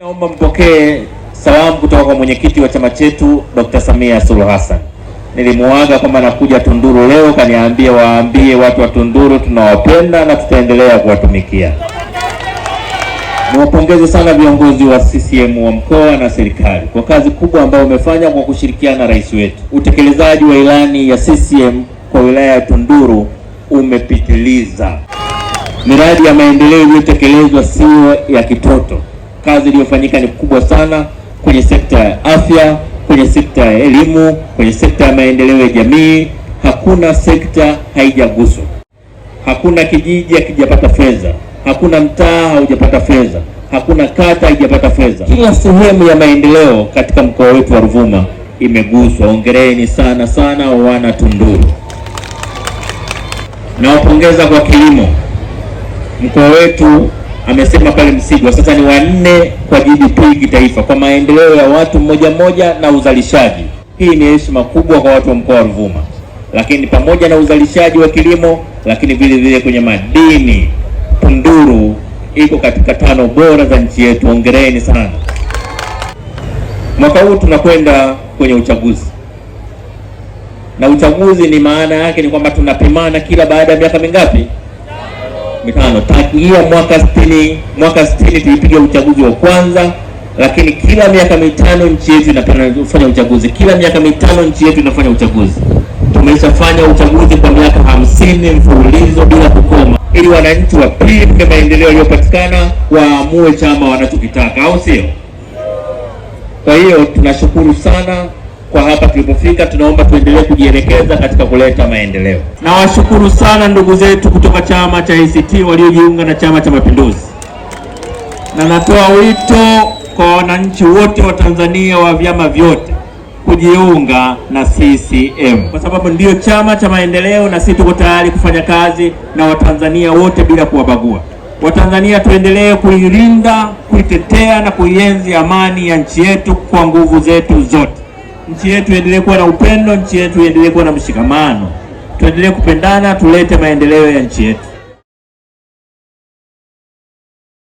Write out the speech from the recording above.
Naomba mpokee salamu kutoka kwa mwenyekiti wa chama chetu Dr. Samia Suluhu Hassan. Nilimuaga kwamba nakuja Tunduru leo, kaniambia waambie watu wa Tunduru tunawapenda na tutaendelea kuwatumikia. Niwapongeze sana viongozi wa CCM wa mkoa na serikali kwa kazi kubwa ambayo umefanya kwa kushirikiana na rais wetu. Utekelezaji wa ilani ya CCM kwa wilaya ya Tunduru umepitiliza. Miradi ya maendeleo iliyotekelezwa sio ya kitoto kazi iliyofanyika ni kubwa sana kwenye sekta ya afya, kwenye sekta ya elimu, kwenye sekta ya maendeleo ya jamii. Hakuna sekta haijaguswa, hakuna kijiji hakijapata fedha, hakuna mtaa haujapata fedha, hakuna kata haijapata fedha. Kila sehemu ya maendeleo katika mkoa wetu wa Ruvuma imeguswa. Hongereni sana sana wana Tunduru. Nawapongeza kwa kilimo mkoa wetu amesema pale Msigwa. Sasa ni wanne kwa gdp kitaifa kwa maendeleo ya watu mmoja mmoja na uzalishaji. Hii ni heshima kubwa kwa watu wa mkoa wa Ruvuma, lakini pamoja na uzalishaji wa kilimo, lakini vile vile kwenye madini, Tunduru iko katika tano bora za nchi yetu. Hongereni sana. Mwaka huu tunakwenda kwenye uchaguzi na uchaguzi ni maana yake ni kwamba tunapimana kila baada ya miaka mingapi? mitano Hiyo mwaka sitini mwaka sitini tulipiga uchaguzi wa kwanza, lakini kila miaka mitano nchi yetu inafanya uchaguzi, kila miaka mitano nchi yetu inafanya uchaguzi. Tumeshafanya uchaguzi kwa miaka hamsini mfululizo bila kukoma, ili wananchi wapime maendeleo yaliyopatikana waamue chama wanachokitaka, au sio? Kwa hiyo tunashukuru sana kwa hapa tulipofika. Tunaomba tuendelee kujielekeza katika kuleta maendeleo. Nawashukuru sana ndugu zetu kutoka chama cha ACT waliojiunga na Chama cha Mapinduzi, na natoa wito kwa wananchi wote wa Tanzania wa vyama vyote kujiunga na CCM kwa sababu ndiyo chama cha maendeleo, na sisi tuko tayari kufanya kazi na Watanzania wote bila kuwabagua. Watanzania tuendelee kuilinda, kuitetea na kuienzi amani ya nchi yetu kwa nguvu zetu zote nchi yetu iendelee kuwa na upendo, nchi yetu iendelee kuwa na mshikamano, tuendelee kupendana, tulete maendeleo ya nchi yetu.